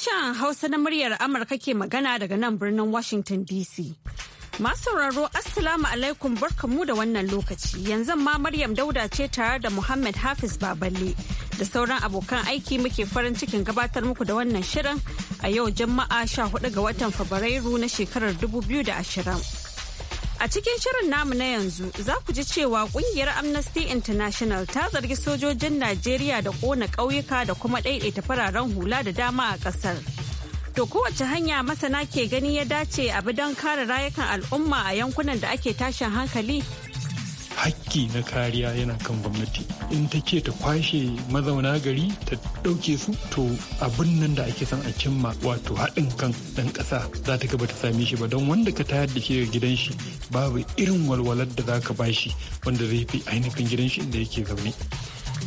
Sashen Hausa na muryar Amurka ke magana daga nan birnin Washington DC. Masu Assalamu alaikum mu da wannan lokaci. Yanzu ma Maryam Dauda ce tare da Muhammad Hafiz Baballe da sauran abokan aiki muke farin cikin gabatar muku da wannan shirin a yau Juma'a 14 ga watan Fabrairu na shekarar 2020. A cikin shirin namu na yanzu za ku ji cewa kungiyar Amnesty International ta zargi sojojin Najeriya da kona ƙauyuka da kuma ɗaiɗaita fararen hula da dama a ƙasar. To kowace hanya masana ke gani ya dace abu don kare rayukan al'umma a yankunan da ake tashin hankali? hakki na kariya yana kan gwamnati in ta ce ta kwashe mazauna gari ta ɗauke su to abin nan da ake son a cimma wato haɗin kan ɗan ƙasa za ta gaba ta same shi ba don wanda ka tayar da shi daga gidan shi babu irin walwalar da za ka bashi wanda zai fi ainihin gidan shi inda yake zaune.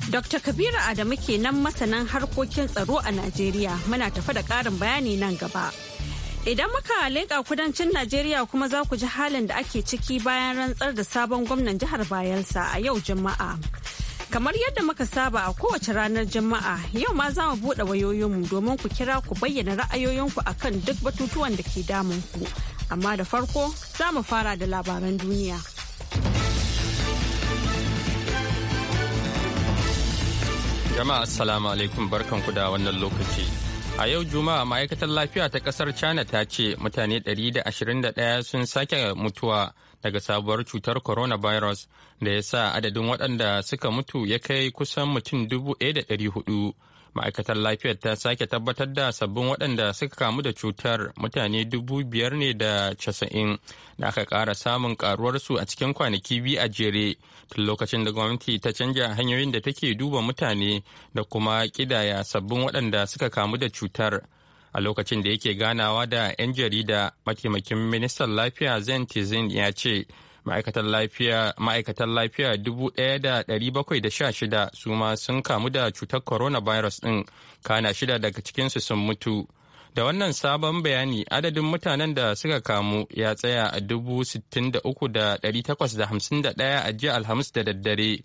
Dr. Kabiru Adamu kenan masanan harkokin tsaro a Najeriya muna tafa da ƙarin bayani nan gaba. Idan muka leƙa kudancin Najeriya kuma za ku ji halin da ake ciki bayan rantsar da sabon gwamnan jihar Bayelsa a yau Juma'a. Kamar yadda muka saba a kowace ranar Juma'a yau ma za mu buɗe wayoyinmu domin ku kira ku bayyana ra'ayoyinku kan duk batutuwan da ke damun ku. Amma da farko za mu fara da labaran duniya. Jama'a assalamu alaikum barkanku da wannan lokaci. A yau Juma'a ma'aikatar lafiya ta kasar China ta ce mutane 121 sun sake mutuwa daga sabuwar cutar coronavirus da ya sa adadin waɗanda suka mutu ya kai kusan mutum 1,400 ma'aikatar lafiyar ta sake tabbatar da sabbin waɗanda suka kamu da cutar mutane dubu biyar ne da casa'in da aka ƙara samun ƙaruwarsu a cikin kwanaki biyu a jere tun lokacin da gwamnati ta canja hanyoyin da take duba mutane da kuma ƙidaya sabbin waɗanda suka kamu da cutar a lokacin da yake ganawa da 'yan jarida mataimakin ministan lafiya zain tizin ya ce ma'aikatan lafiya ma'aikatan lafiya 1,716 su ma sun kamu da cutar coronavirus ɗin kana shida daga cikinsu sun mutu da wannan sabon bayani adadin mutanen da suka kamu ya tsaya a dubu sittin da da da da uku takwas hamsin ɗaya a jiya alhamis da daddare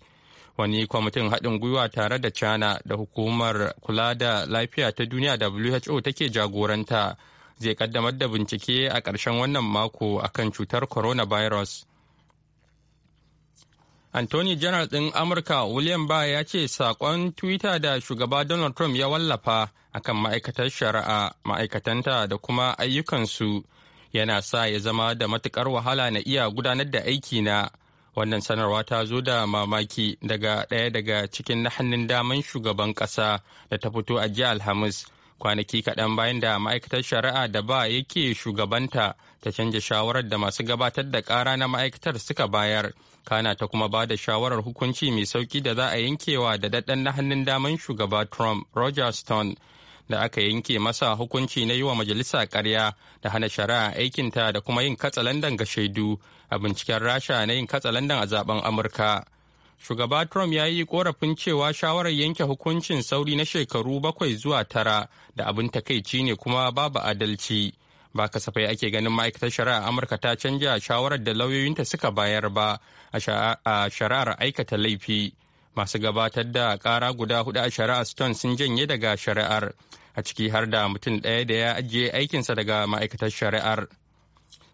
wani kwamitin haɗin gwiwa tare da china da hukumar kula da lafiya ta duniya who take jagoranta zai kaddamar da bincike a ƙarshen wannan mako akan cutar coronavirus Anthony General ɗin Amurka William ba ya ce saƙon Twitter da shugaba Donald Trump ya wallafa akan ma'aikatar shari'a, ma'aikatanta da kuma ayyukansu yana sa ya zama da matuƙar wahala na iya gudanar da aiki na Wannan sanarwa ta zo da mamaki daga ɗaya daga cikin na hannun daman shugaban ƙasa da ta fito a jiya Alhamis. kwanaki kaɗan bayan da ma'aikatar shari'a da ba yake shugabanta ta canja shawarar da masu gabatar da ƙara na ma'aikatar suka bayar kana ta kuma ba da shawarar hukunci mai sauki da za a yankewa da daɗan na hannun daman shugaba trump roger stone da aka yanke masa hukunci na yi wa majalisa karya da hana shari'a aikinta da kuma yin katsalandan ga shaidu a binciken rasha na yin katsalandan a zaben amurka shugaba trump ya yi korafin cewa shawarar yanke hukuncin sauri na shekaru bakwai zuwa tara da abin takaici ne kuma babu adalci ba kasafai ake ganin ma'aikatar shari'a amurka ta canja shawarar da lauyoyinta suka bayar ba a shari'ar aikata laifi masu gabatar da kara guda hudu a shari'a stone sun janye daga shari'ar a ciki har da mutum ɗaya da ya ajiye aikinsa daga ma'aikatar shari'ar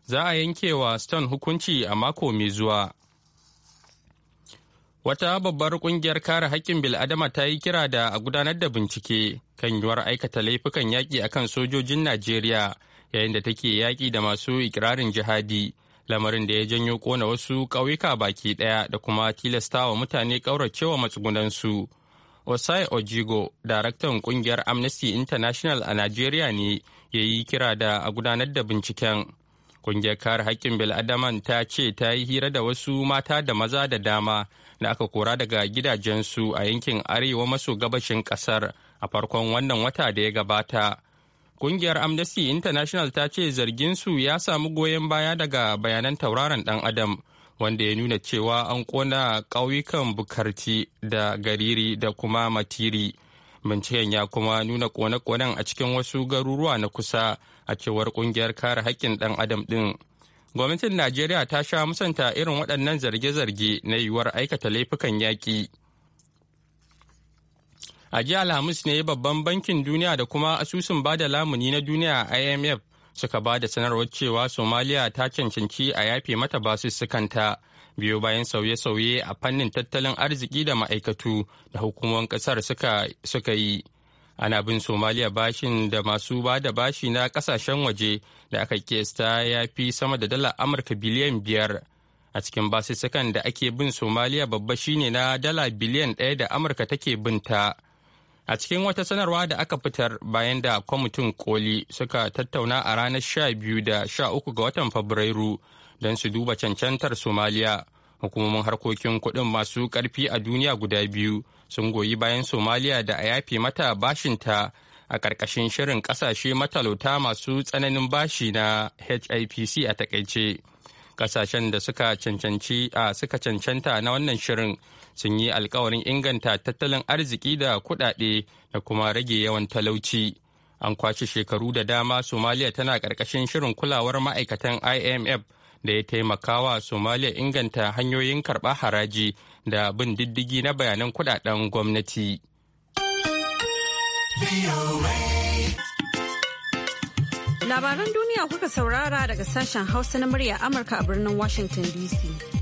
za a wa stone hukunci a mako mai zuwa Wata babbar kungiyar kare haƙƙin bil'adama ta yi kira da a gudanar da bincike kan yiwuwar aikata laifukan yaƙi akan sojojin Najeriya yayin da take yaƙi da masu ikirarin jihadi lamarin da ya janyo kona wasu ƙauyuka baki ɗaya da kuma tilastawa mutane ƙauracewa matsugunansu. Osai Ojigo, daraktan ƙungiyar Amnesty International a Najeriya ne ya yi kira da a gudanar da binciken. Ƙungiyar kare haƙƙin bil'adaman ta ce ta yi hira da wasu mata da maza da dama da aka kora daga gidajensu a yankin arewa maso gabashin ƙasar a farkon wannan wata da ya gabata. Kungiyar Amnesty International ta ce zargin su ya samu goyon baya daga bayanan tauraron dan Adam, wanda ya nuna cewa an kona ƙauyukan Bukarti da Gariri da kuma Matiri. Binciken ya kuma nuna kone-konen a cikin wasu garuruwa na kusa a cewar kungiyar kare haƙƙin dan adam din Gwamnatin Najeriya ta sha musanta irin waɗannan zarge-zarge na yiwuwar aikata laifukan yaƙi. a jiya alhamis ne babban bankin duniya da kuma asusun bada lamuni na duniya imf suka ba da sanarwar cewa somaliya ta cancanci a yafe mata basussukanta biyo bayan sauye-sauye a fannin tattalin arziki da ma'aikatu da hukumomin kasar suka yi ana bin somaliya bashin da masu ba da bashi na kasashen waje da aka kesta ya fi sama da dala amurka biliyan biyar a cikin basussukan da ake bin somaliya babba shine na dala biliyan ɗaya da amurka take binta. ta A cikin wata sanarwa da aka fitar bayan da kwamitin koli suka tattauna a ranar sha biyu da sha uku ga watan Fabrairu don su duba cancantar Somaliya. Hukumomin harkokin kuɗin masu karfi a duniya guda biyu sun goyi bayan Somaliya da a yafe mata bashinta a ƙarƙashin shirin ƙasashe matalauta masu tsananin bashi na HIPC a takaice. Ƙasashen da suka cancanci suka cancanta na wannan shirin sun yi alkawarin inganta tattalin arziki da kuɗaɗe da kuma rage yawan talauci. An kwashe shekaru da dama Somalia tana ƙarƙashin shirin kulawar ma'aikatan IMF da ya taimakawa Somalia inganta hanyoyin karɓa haraji da bin diddigi na bayanan kuɗaɗen gwamnati. Labaran duniya kuka saurara daga sashen Hausa na murya Amurka a birnin Washington DC.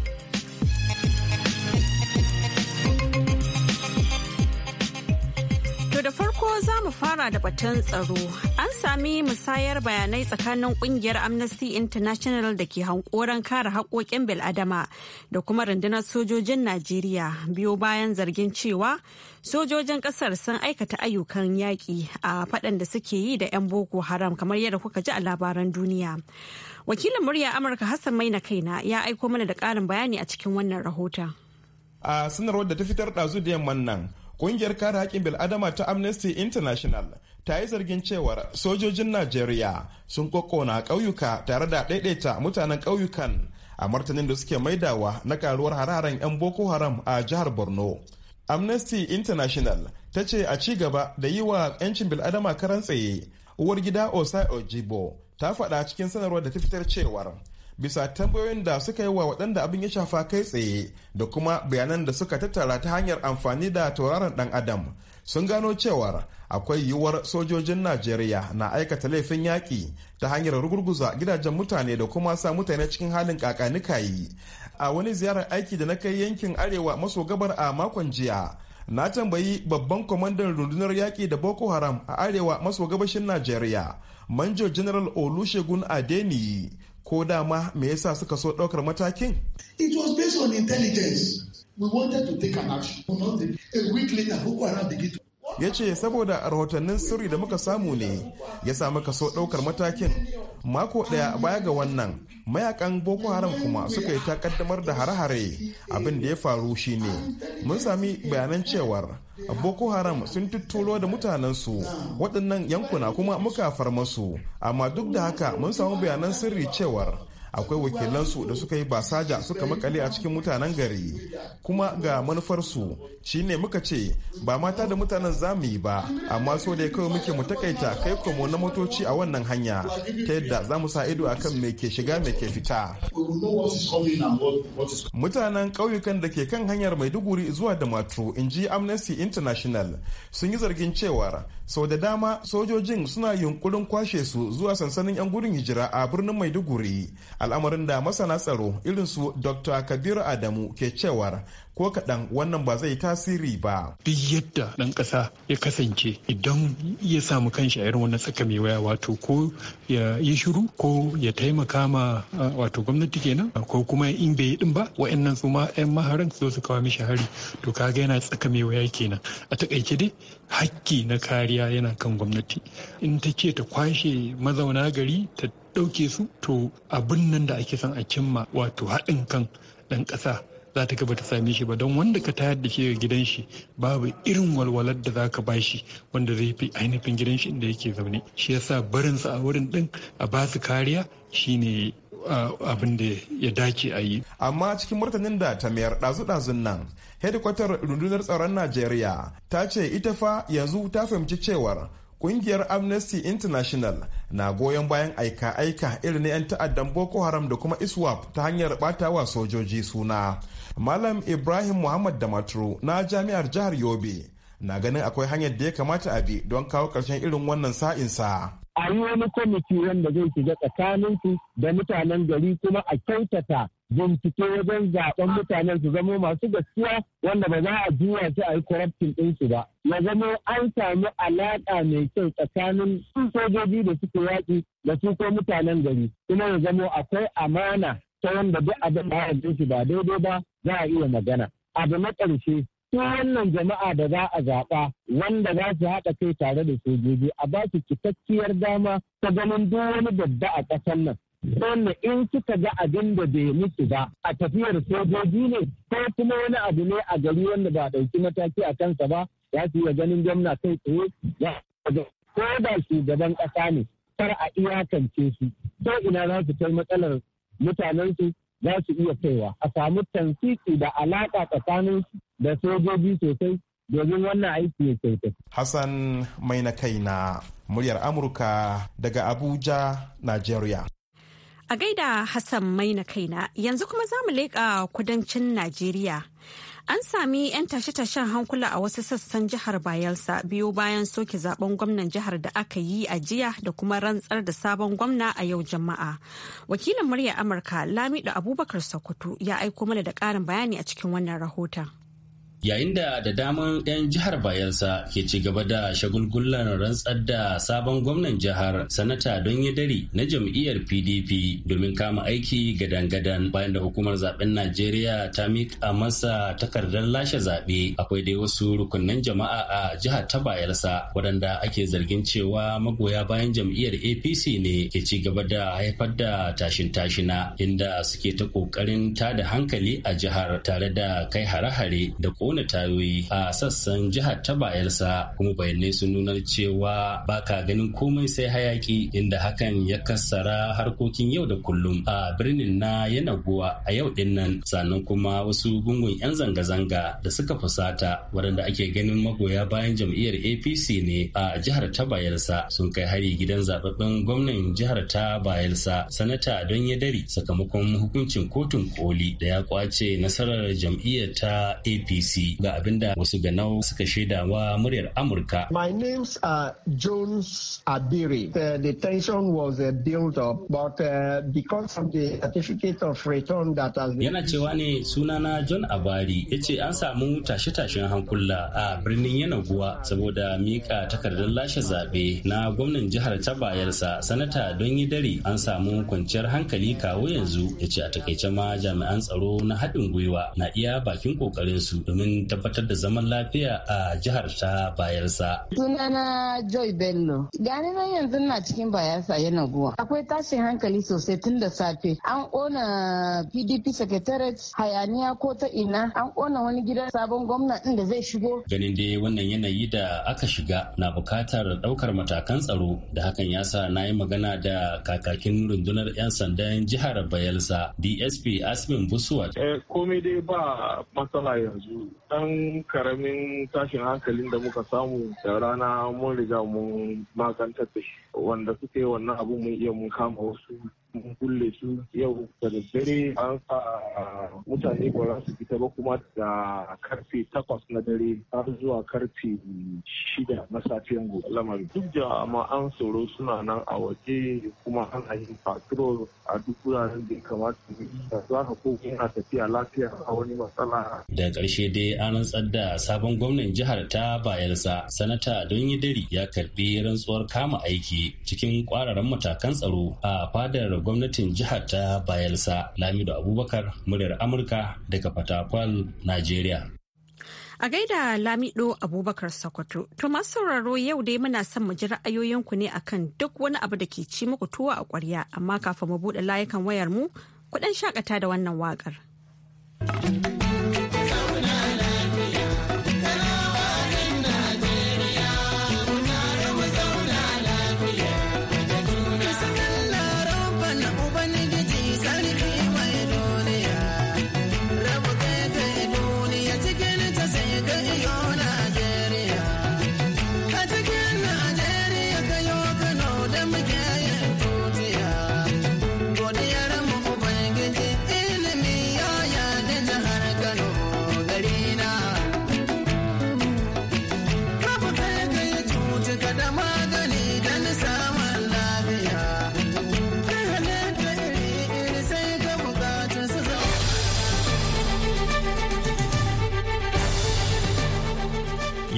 farko za mu fara da batun tsaro. An sami musayar bayanai tsakanin kungiyar Amnesty International da ke hankoran kare haƙoƙin bil'adama da kuma rundunar sojojin Najeriya biyo bayan zargin cewa sojojin ƙasar sun aikata ayyukan yaƙi a faɗan da suke yi da 'yan Boko Haram kamar yadda kuka ji a labaran duniya. Wakilin murya Amurka Hassan Maina Kaina ya aiko mana da ƙarin bayani a cikin wannan rahoton. A sanarwar da ta fitar ɗazu da yamman nan, Ƙungiyar kare haƙƙin bil'adama ta Amnesty International ta yi zargin cewar sojojin Najeriya sun kokona ƙauyuka tare da ɗaiɗaita mutanen ƙauyukan a martanin da suke maidawa na karuwar hararen 'yan Boko Haram a jihar Borno. Amnesty International ta ce a ci gaba da yi wa 'yancin bil'adama karan tsaye uwar gida Osai Ojibo ta faɗa cikin sanarwar da ta fitar cewar bisa tambayoyin da suka yi wa waɗanda abin ya shafa kai tsaye da kuma bayanan da suka tattara ta hanyar amfani da tauraron ɗan adam sun gano cewar akwai yiwuwar sojojin najeriya na aikata laifin yaƙi ta hanyar rugurguza gidajen mutane da kuma sa mutane cikin halin kakanikayi a wani ziyarar aiki da na kai yankin arewa maso gabar a makon jiya na tambayi babban kwamandan rundunar yaƙi da boko haram a arewa maso gabashin najeriya manjo general olusegun adeniyi ko dama me yasa suka so ɗaukar matakin? It was based on intelligence. We wanted to take an action. A week later, Boko Haram began to ya ce saboda rahotannin sirri da muka samu ne ya samu kaso ɗaukar matakin mako ɗaya baya ga wannan mayakan boko haram kuma suka yi ta kaddamar da hare-hare abin da ya faru shine mun sami bayanan cewar boko haram sun tuttulo da mutanensu waɗannan yankuna kuma muka farmasu amma duk da haka mun samu bayanan sirri cewar akwai wakilansu da suka yi basaja suka makale a cikin mutanen gari kuma ga manufarsu shi ne muka ce ba mata da mutanen za mu yi ba amma so da kawai muke mu takaita kai komo na motoci a wannan hanya ta yadda za mu sa ido akan me ke shiga mai ke fita mutanen ƙauyukan da ke kan hanyar maiduguri zuwa da matu in ji amnesty international sun yi zargin cewar sau da dama sojojin suna yunkurin kwashe su zuwa sansanin 'yan gudun hijira a birnin maiduguri al'amarin da masana tsaro irin dr kabiru adamu ke cewar ko kaɗan wannan ba zai tasiri ba. Duk yadda ɗan ƙasa ya kasance idan ya samu kanshi a irin wannan tsaka mai waya wato ko ya yi shiru ko ya taimaka ma wato gwamnati kenan ko kuma in bai yi ɗin ba wa'annan su ma 'yan maharan su su kawo mishi hari to kaga yana tsaka mai waya kenan a taƙaice dai hakki na kariya yana kan gwamnati in ta ce ta kwashe mazauna gari ta ɗauke su to abin nan da ake son a cimma wato haɗin kan ɗan ƙasa za ta gaba ta same shi ba don wanda ka tayar da shi daga gidan shi babu irin walwalar da za ka ba shi wanda zai fi ainihin gidan shi inda yake zaune shi yasa barinsa a wurin din a ba su kariya shine abin da ya dace a yi. Amma cikin martanin da ta mayar ɗazu-ɗazun nan, hedikwatar rundunar tsaron Najeriya ta ce ita fa yanzu ta fahimci cewar kungiyar amnesty international na goyon bayan aika-aika irin na 'yan ta'addan boko haram da kuma iswap ta hanyar batawa sojoji suna malam ibrahim muhammad da damaturu na jami'ar jihar yobe na ganin akwai hanyar da ya kamata a bi don kawo ƙarshen irin wannan sa'insa. a yi wani kwamiti wanda zai shiga tsakanin su da mutanen gari kuma a kyautata bincike wajen zaben mutanen su zama masu gaskiya wanda ba za a juya su a yi corruption ɗinsu ba ya zama an samu alaƙa mai kyau tsakanin sojoji da suke yaƙi da su ko mutanen gari kuma ya zama akwai amana ta wanda duk abin da ya shi ba daidai ba za a iya magana abu na ƙarshe su wannan jama'a da za a zaɓa wanda za su haɗa kai tare da sojoji a ba su cikakkiyar dama ta ganin duk wani babba a ƙasar nan Sanna in suka ga abin da bai musu ba a tafiyar sojoji ne ko kuma wani abu ne a gari wanda ba a ɗauki mataki a kansa ba za su iya ganin gwamna kai tsaye ko da shugaban ƙasa ne kar a iyakance su ko ina za su kai matsalar mutanensu za su iya kaiwa a samu tansiki da alaƙa tsakanin da sojoji sosai domin wannan aiki ya kyauta. Hassan mai na kai na muryar Amurka daga Abuja, nigeria. A gaida Hassan mai na kaina yanzu kuma za mu leƙa kudancin Najeriya. An sami 'yan tashe-tashen hankula a wasu sassan jihar Bayelsa biyu bayan soke zaben gwamnan jihar da aka yi a jiya da kuma rantsar da sabon gwamna a yau jama'a. Wakilin Murya Amurka Lamido Abubakar Sokoto ya aiko mana da ƙarin bayani a cikin wannan rahoton. yayin da da daman 'yan jihar bayelsa ke ci gaba da shagulgullan rantsar da sabon gwamnan jihar sanata don ya dari na jam'iyyar pdp domin kama aiki gadan-gadan bayan da hukumar zaben najeriya ta miƙa masa takardar lashe zaɓe akwai dai wasu rukunnan jama'a a jihar ta bayelsa waɗanda ake zargin cewa magoya bayan jam'iyyar apc ne ke ci gaba da haifar da tashin-tashina inda suke ta ƙoƙarin tada hankali a jihar tare da kai hare-hare da ƙona ƙona tayoyi a sassan jihar ta bayelsa kuma bayanai sun nuna cewa ba ka ganin komai sai hayaki inda hakan ya kassara harkokin yau da kullum a birnin na yanaguwa a yau din nan sannan kuma wasu gungun 'yan zanga-zanga da suka fusata waɗanda ake ganin magoya bayan jam'iyyar apc ne a jihar ta bayelsa sun kai hari gidan zababben gwamnan jihar ta bayelsa sanata don ya dari sakamakon hukuncin kotun koli da ya kwace nasarar jam'iyyar ta apc Kati ga abinda wasu ganau suka shaida wa muryar Amurka. My name's are Jones Abiri. Uh, the, the was a uh, build up but uh, because of the certificate of return that has been... Yana cewa ne sunana John Abari ya ce an samu tashe-tashen hankula a birnin Yanaguwa saboda mika takardar lashe zaɓe na gwamnan jihar ta bayarsa sanata don yi dare an samu kwanciyar hankali kawo yanzu ya ce a takaice ma jami'an tsaro na haɗin gwiwa na iya bakin ƙoƙarinsu domin domin tabbatar da zaman lafiya a jihar ta bayelsa. sunana joy bello gani nan yanzu na cikin bayelsa yana guwa akwai tashin hankali sosai tun da safe an ƙona pdp secretariat hayaniya ko ta ina an ƙona wani gidan sabon gwamna da zai shigo ganin dai wannan yanayi da aka shiga na bukatar ɗaukar matakan tsaro da hakan ya sa na yi magana da kakakin rundunar 'yan sandan jihar bayelsa dsp asmin busuwa eh, komai dai ba matsala yanzu ɗan karamin tashin hankalin da muka samu da rana mun riga mun magantar da shi wanda suke wannan abun mun iya mun kama wasu mun kulle su yau da daddare an sa mutane ba za su fita ba kuma da karfe takwas na dare har zuwa karfe shida na safiyan gobe lamarin duk an tsoro suna nan a waje kuma a yin patrol a duk wuraren da ya kamata da za ka ko tafiya lafiya a wani matsala. da karshe dai an rantsar da sabon gwamnan jihar ta bayelsa sanata don yi dari ya karbi rantsuwar kama aiki cikin kwararan matakan tsaro a fadar gwamnatin jihar ta Bayelsa Lamido Abubakar muryar Amurka daga Fatakwal, Najeriya. A gaida Lamido Abubakar Sokoto, to masu sauraro yau dai muna son mu ji ra'ayoyinku ne akan duk wani abu da ke ci muku tuwo a ƙwarya, amma kafin mu buɗe layukan wayar mu, kuɗin shakata da wannan waƙar.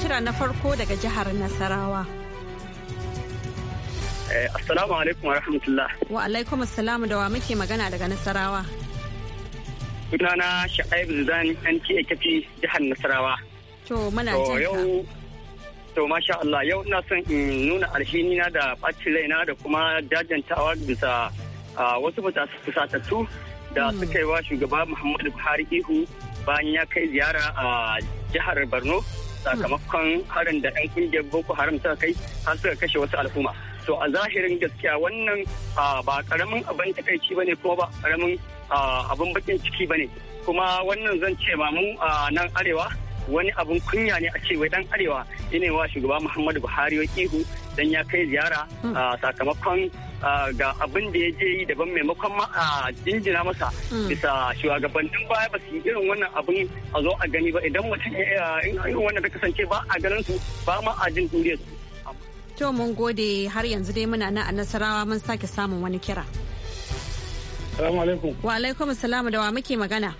kira na farko daga jihar Nasarawa. Eh, assalamu alaikum wa rahmatullah. Wa alaikum assalamu da wa muke magana daga Nasarawa. Sunana Sha'aib Zidani NTA Kafi jihar Nasarawa. To muna jin To masha Allah yau ina son in nuna alhini na da ɓacin raina da kuma jajantawa bisa wasu fusatattu da hmm. suka yi wa shugaba Muhammadu Buhari ihu bayan ya kai ziyara a jihar Borno. sakamakon harin da 'yan kungiyar boko haram suka kai har suka kashe wasu al'umma to a zahirin gaskiya wannan ba karamin abin takaici ne kuma ba karamin abin bakin ciki ba ne kuma wannan zan ce ma mu a nan arewa wani abun kunya ne a cewa dan arewa yana wa shugaba muhammadu buhari wa ihu dan ya kai ziyara hmm. sakamakon ga abin da ya je yi daban maimakon ma a jinjina masa hmm. bisa shugabannin baya ba su yi irin wannan abin a zo a gani ba idan mutum irin wannan ta kasance ba a ganin su ba ma a jin duniyar su. To mun gode har yanzu dai muna nan a Nasarawa mun sake samun wani kira. Salamu alaikum. Wa alaikum salamu da wa muke magana.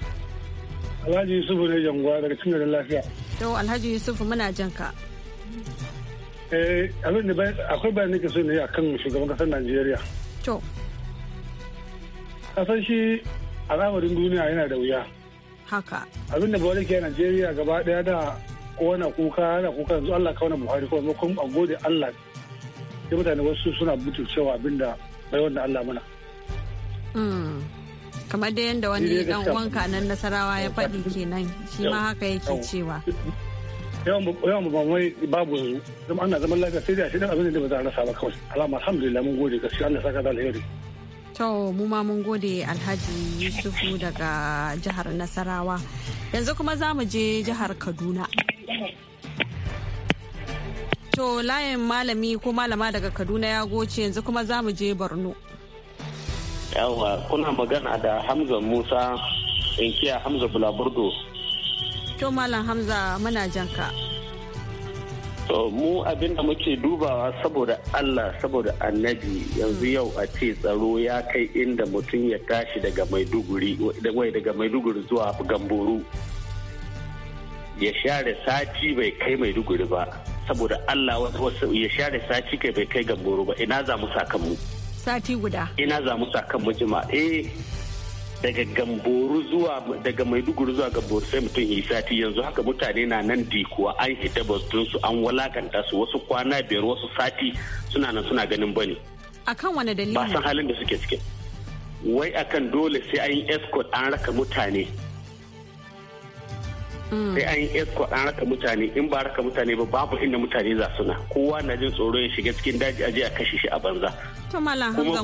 Alhaji Yusufu ne Jangwa daga cin garin lafiya. Yau Alhaji Yusufu muna jan ka. Eh, abin da akwai bayan nake so ne a kan shugaban kasar Najeriya. To. Kasan shi al'amarin duniya yana da wuya. Haka. Abin da Buhari ke a Najeriya gaba daya da kowane kuka yana kuka yanzu Allah kawo na Buhari kuma kuma a gode Allah. Sai mutane wasu suna cewa abin da bai wanda Allah mana. Mm. kamar da yadda wani dan uwanka nan nasarawa ya faɗi kenan shi ma haka yake cewa yawan mu babu yanzu zama ana zaman lafiya sai da shi dan abin da ba za a rasa ba kawai alama alhamdulillah mun gode gaskiya Allah saka da alheri to mu ma mun gode Alhaji Yusufu daga jihar Nasarawa yanzu kuma za mu je jihar Kaduna to layin malami ko malama daga Kaduna ya goce yanzu kuma za mu je Borno yawa kuna magana da hamza musa inkiya hamza bulaburdo to malam hamza muna janka to mu abinda muke dubawa saboda allah saboda annabi yanzu yau a ce tsaro ya kai inda mutum ya tashi daga maiduguri daga maiduguri zuwa gamboru ya share sati bai kai maiduguri ba saboda allah ya share sati kai bai kai gamboro ba ina za mu sakamu. mu sati guda ina za mu sa kan mujima eh daga gamboru zuwa daga maiduguri zuwa gamboru sai mutum yi sati yanzu haka mutane na nan dikuwa an hita su an walakanta su wasu kwana biyar wasu sati suna nan suna ganin bane akan wani dalili ba san halin da suke suke wai akan dole sai an yi escort an raka mutane mm. sai an yi escort an raka mutane in ba raka mutane ba babu inda mutane za suna kowa na jin tsoro ya shiga cikin daji aje a kashe shi a banza to malam hamza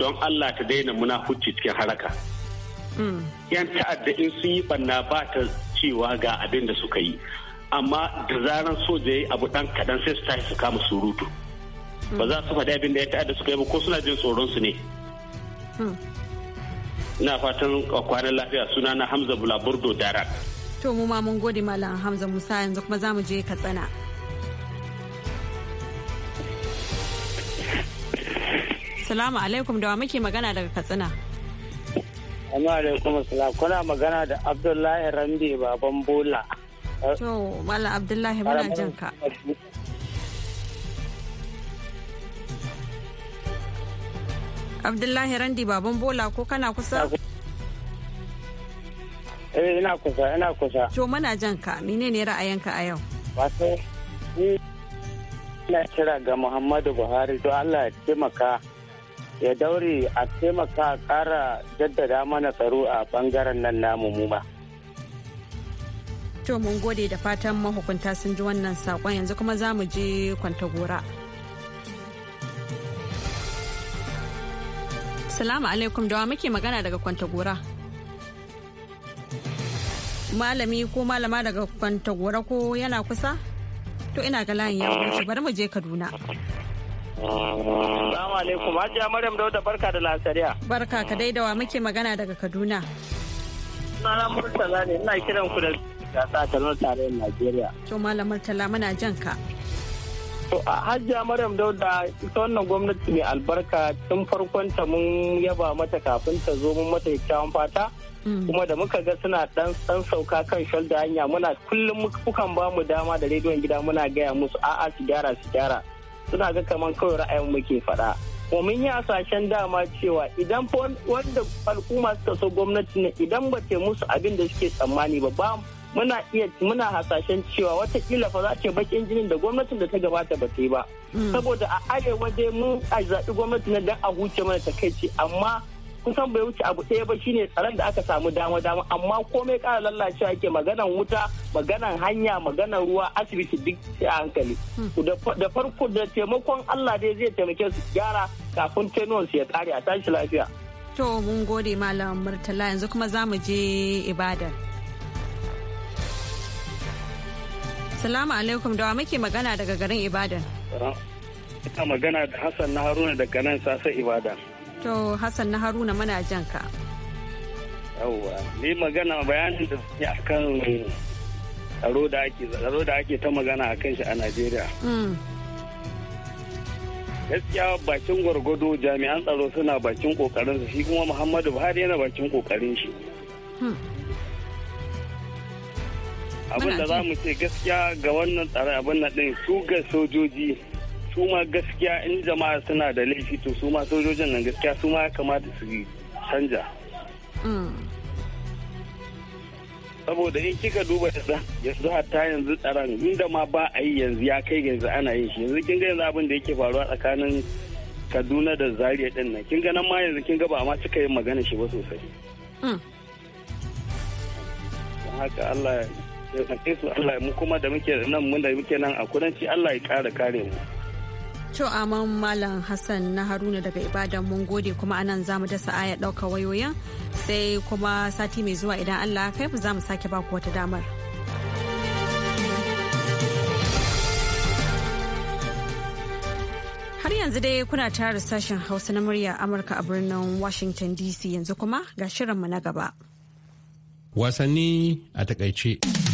don Allah ta daina hucci cikin haraka hmm. yan ta'adda in sun yi banna ba ta cewa ga abin da suka yi amma da zaran soja yi abu dan kadan sai su tashi su kama surutu hmm. ba za su faɗi abin da ya ta'adda suka yi ba ko suna jin tsoron su ne hmm. ina fatan kwanan lafiya suna na hamza bulaburdo darak to mu ma mun gode malam hamza musa yanzu kuma za mu je tsana. Salamu alaikum da wa muke magana daga Katsina. Salamu alaikum salam kuna magana da Abdullahi Rambe baban Bola. To Mala Abdullahi muna jin ka. Abdullahi Randi baban Bola ko kana kusa? Eh ina kusa ina kusa. To muna jan ka menene ra'ayinka a yau? Wato ina kira ga Muhammadu Buhari to Allah ya taimaka ya daure a taimaka kara jaddada mana tsaro a bangaren nan namu ba. To mun gode da fatan mahukunta sun ji wannan saƙon yanzu kuma za mu je kwantagora. Salamu alaikum dawa muke magana daga kwantagora. Malami ko malama daga kwantagora ko yana kusa? To ina ga layin ya bari mu je Kaduna. Assalamu alaikum. Hajiya Maryam Dauda barka da lasariya. Barka ka dai dawa muke magana daga Kaduna. Sunana Murtala ne ina kiran ku da gasa Kaduna tarayyar Najeriya. To Malam Murtala muna jan ka. To a Hajiya Maryam Dauda ita wannan gwamnati mai albarka tun farkon ta mun yaba mata kafin ta zo mun mata kyakkyawan fata. Mm. kuma da muka ga suna dan dan sauka kan shalda hanya muna kullum kukan ba mu dama da rediyon gida muna gaya musu a'a su gyara su gyara suna ga kamar kawai ra'ayin muke faɗa kuma mun yi hasashen dama cewa idan wanda al'umma suka so gwamnati ne idan ba ce musu abin da suke tsammani ba ba muna iya muna hasashen cewa watakila fa za ce bakin jinin da gwamnatin da ta gabata ba ta yi ba hmm. saboda a arewa dai mun a zaɓi gwamnati na dan a huce mana takaici amma kusan bai wuce abu ɗaya ba shine tsaron da aka samu dama dama amma komai kara lallacewa yake maganan wuta maganan hanya maganan ruwa asibiti duk sai a hankali hmm. da farko da taimakon Allah dai zai taimake su gyara kafin tenuwan su ya kare a tashi lafiya to mun gode malam murtala yanzu kuma za mu je ibada salamu alaikum da wa muke magana daga garin ibadan ita magana da hassan na haruna daga nan sasa ibadan To Hassan na Haruna muna jan ka. Yawwa, ni magana bayanin da suke akan tsaro da ake tsaro da ake ta magana a kan shi a Najeriya. Mm. Gaskiya bakin gwargwado jami'an tsaro suna bakin kokarin su shi kuma Muhammadu Buhari yana bakin kokarin shi. Hmm. Abin da za mu ce gaskiya ga wannan tsare abin nan din su ga sojoji su ma gaskiya in jama'a suna da laifi to su ma sojojin nan gaskiya su ma kamata su canja saboda in kika duba yanzu hatta yanzu tsaron inda ma ba a yi yanzu ya kai yanzu ana yin shi yanzu kin ga yanzu abin da yake faruwa tsakanin kaduna da zaria din nan kin ga nan ma yanzu kin ga ba ma cika yin magana shi ba sosai hmm. haka Allah ya su Allah mu kuma da muke nan mun da muke nan a kudanci Allah ya kara kare mu To aman Malam Hassan na Haruna daga Ibadan mun gode kuma anan za mu dasa aya ɗauka wayoyin sai kuma sati mai zuwa idan Allah kai mu za mu sake baku wata damar. Har yanzu dai kuna tare sashen Hausa na murya Amurka a birnin Washington DC yanzu kuma ga shirinmu na gaba. Wasanni a takaice.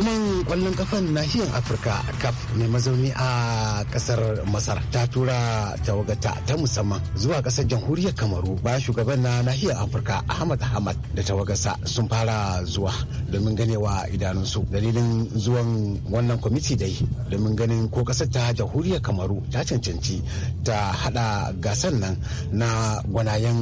hukumar kwallon kafan nahiyar afirka kaf mai mazauni a kasar masar ta tura tawagata ta musamman zuwa kasar jamhuriyar kamaru bayan shugaban na nahiyar afirka ahmad ahmad da tawagarsa sun fara zuwa domin ganewa idanunsu dalilin zuwan wannan kwamiti dai domin ganin ko kasar ta jamhuriyar kamaru ta cancanci ta hada gasar nan na gwanayen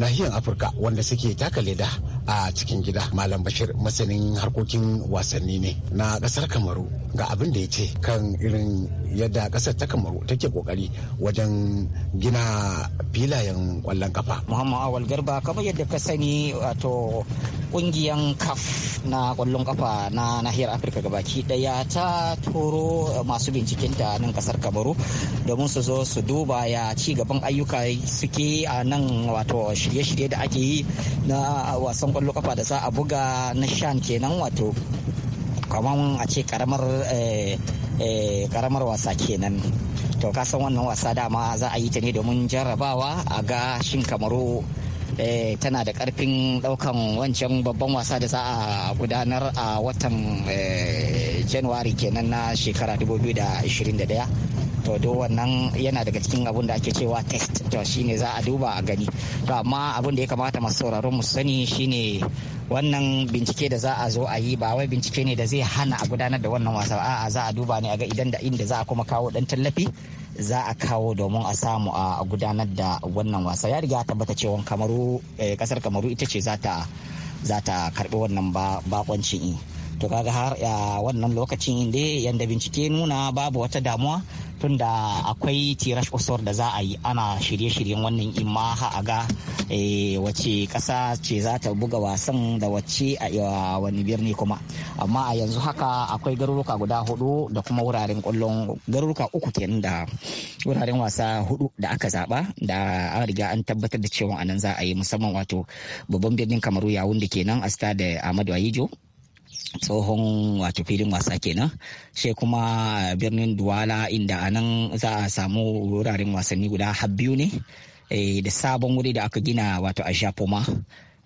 nahiyar afirka wanda suke taka leda a cikin gida malam bashir masanin harkokin wasanni ne na kasar kamaru ga abin da ya ce kan irin yadda kasar ta kamaru take kokari wajen gina filayen kwallon kafa muhammad awal garba kamar yadda ka sani wato kungiyan kaf na kwallon kafa na nahiyar afirka gabaki daya ta turo masu binciken ta nan kasar kamaru domin su zo su duba ya ci gaban ayyuka suke a nan wato shirye-shirye da ake yi na wasan kwallo kafa da za a buga na shan kenan wato kamar a ce eh, eh, karamar wasa kenan to kasan wannan wasa dama za a yi ta ne domin jarrabawa a ga shin kamaru eh, tana da karfin daukan wancan babban wasa da za a gudanar a watan januwari kenan na shekara 2021 to do wannan yana daga cikin abun da ake cewa test to shine za a duba a gani to amma abun da ya kamata masu sauraron mu sani shine wannan bincike da za a zo a yi ba wai bincike ne da zai hana a gudanar da wannan wasa a'a za a duba ne a ga idan da inda za a kuma kawo dan tallafi za a kawo domin a samu a gudanar da wannan wasa ya riga tabbata cewa kamaru kasar eh, kamaru ita ce za ta za ta karbi wannan bakoncin to kaga har wannan lokacin inda yanda bincike nuna babu wata damuwa tunda akwai tirash kusur da za a yi ana shirye-shiryen wannan ha a ga eh, wace kasa ce za ta buga wasan da wace a wani birni kuma amma a yanzu haka akwai garuruka guda hudu da kuma wuraren kwallon garuruka uku kenan da wuraren wasa hudu da aka zaba da an riga an tabbatar da cewa anan za a yi musamman wato babban birnin kamaru yawun da kenan a da ahmadu ayijo tsohon wato filin wasa kenan shi kuma birnin duwala inda a nan za a samu wuraren wasanni guda har biyu ne eh, da sabon wuri da aka gina wato a shafoma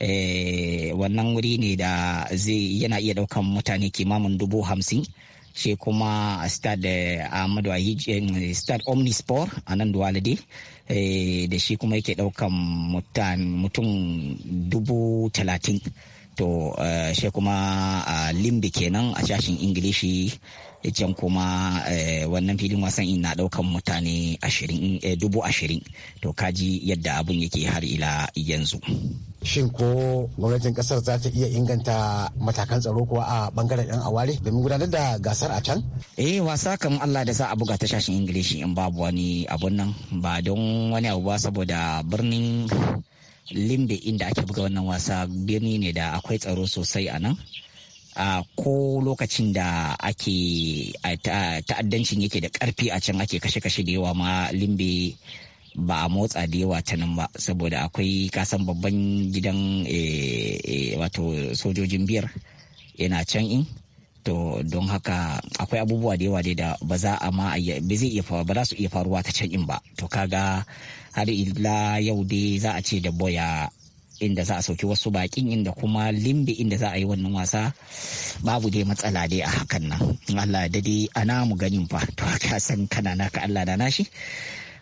eh, wannan wuri ne da zai yana iya daukan mutane kimamin dubu hamsin shi kuma stad ahmadu eh, stad omnisport a nan duwala dai da shi kuma yake daukan mutum dubu talatin to eh, shi kuma a eh, limbi kenan a sashen ingilishi can kuma eh, wannan filin wasan in na daukan mutane dubu ashirin to kaji yadda abun yake har ila yanzu shin ko gwamnatin kasar za ta iya inganta matakan tsaro kuwa a bangaren yan aware domin gudanar da gasar a can eh wasa kan Allah da za a buga ta shashin ingilishi in babu wani abun nan ba don wani abu ba saboda birnin limbe inda ake buga wannan wasa birni ne da akwai tsaro sosai a nan a ko lokacin da ake ta'addancin yake da karfi a can ake kashe-kashe da yawa ma limbe ba a motsa da yawa ta nan ba saboda akwai kasan babban gidan eh, eh, wato sojojin biyar yana can in to don haka akwai abubuwa da yawa da ba za a ma ba za su iya faruwa ta can in ba to kaga har ila yau dai za a ce da boya inda za a sauki wasu bakin inda kuma limbi inda za a yi wannan wasa babu dai matsala dai a hakan nan Allah da dai ana mu ganin fa to ka san kana ka Allah da nashi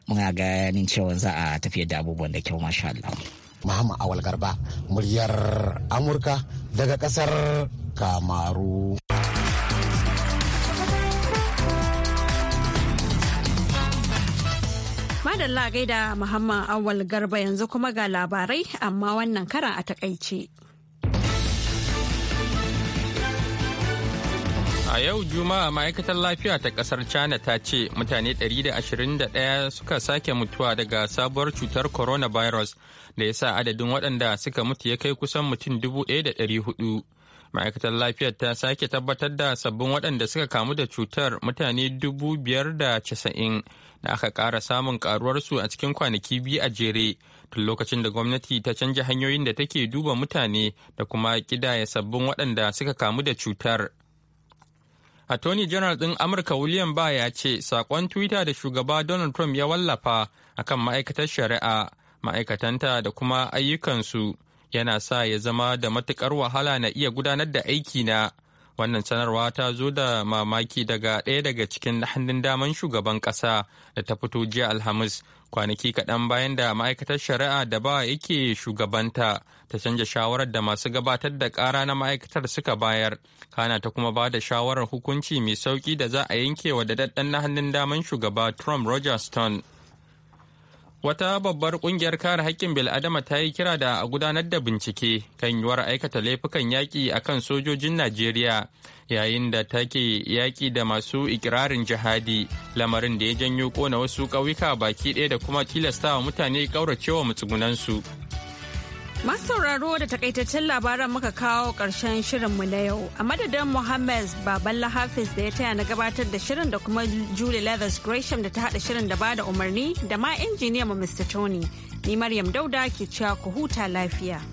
muna ganin cewa za a tafi da abubuwan da kyau masha Allah Muhammad Awal Garba muryar Amurka daga kasar Kamaru Madalla gaida Muhammad Awal Garba yanzu kuma ga labarai amma wannan karan a takaice. A yau Juma'a ma'aikatar lafiya ta kasar China ta ce mutane 121 suka sake mutuwa daga sabuwar cutar coronavirus da ya sa adadin waɗanda suka mutu ya kai kusan mutum 1,400. ma'aikatar lafiyar ta sake tabbatar da sabbin waɗanda suka kamu da cutar mutane dubu biyar da casa'in da aka ƙara samun ƙaruwarsu a cikin kwanaki biyu a jere tun lokacin da gwamnati ta canja hanyoyin da take duba mutane da kuma ƙidaya sabbin waɗanda suka kamu da cutar. Attorney General ɗin Amurka William Barr ya ce saƙon Twitter da shugaba Donald Trump ya wallafa akan ma'aikatar shari'a, ma'aikatanta da kuma ayyukansu yana sa ya zama da matukar wahala na iya gudanar da aiki na wannan sanarwa ta zo da mamaki daga ɗaya daga cikin hannun daman shugaban ƙasa da ta fito jiya alhamis kwanaki kaɗan bayan da ma'aikatar shari'a da ba yake shugabanta ta canja shawarar da masu gabatar da ƙara na ma'aikatar suka bayar kana ta kuma ba da shawarar hukunci mai sauƙi da za a yanke wa da na hannun daman shugaba trump roger stone Wata babbar kungiyar kare haƙƙin bil'adama ta yi kira da a gudanar da bincike kan yiwuwar aikata laifukan yaƙi a kan sojojin Najeriya yayin da take yaƙi da masu ikirarin jihadi lamarin da ya janyo kona wasu ƙauyuka baki ɗaya da kuma tilastawa mutane ƙauracewa matsugunansu. Masu sauraro da takaitaccen labaran muka kawo ƙarshen mu na yau. A madadin Mohammed Baballa Hafiz da ya taya na gabatar da shirin da kuma Julie Leathers Gresham da ta haɗa shirin da bada umarni da ma injiniyanmu Mr. Tony. Ni Maryam Dauda ke cewa ku huta lafiya.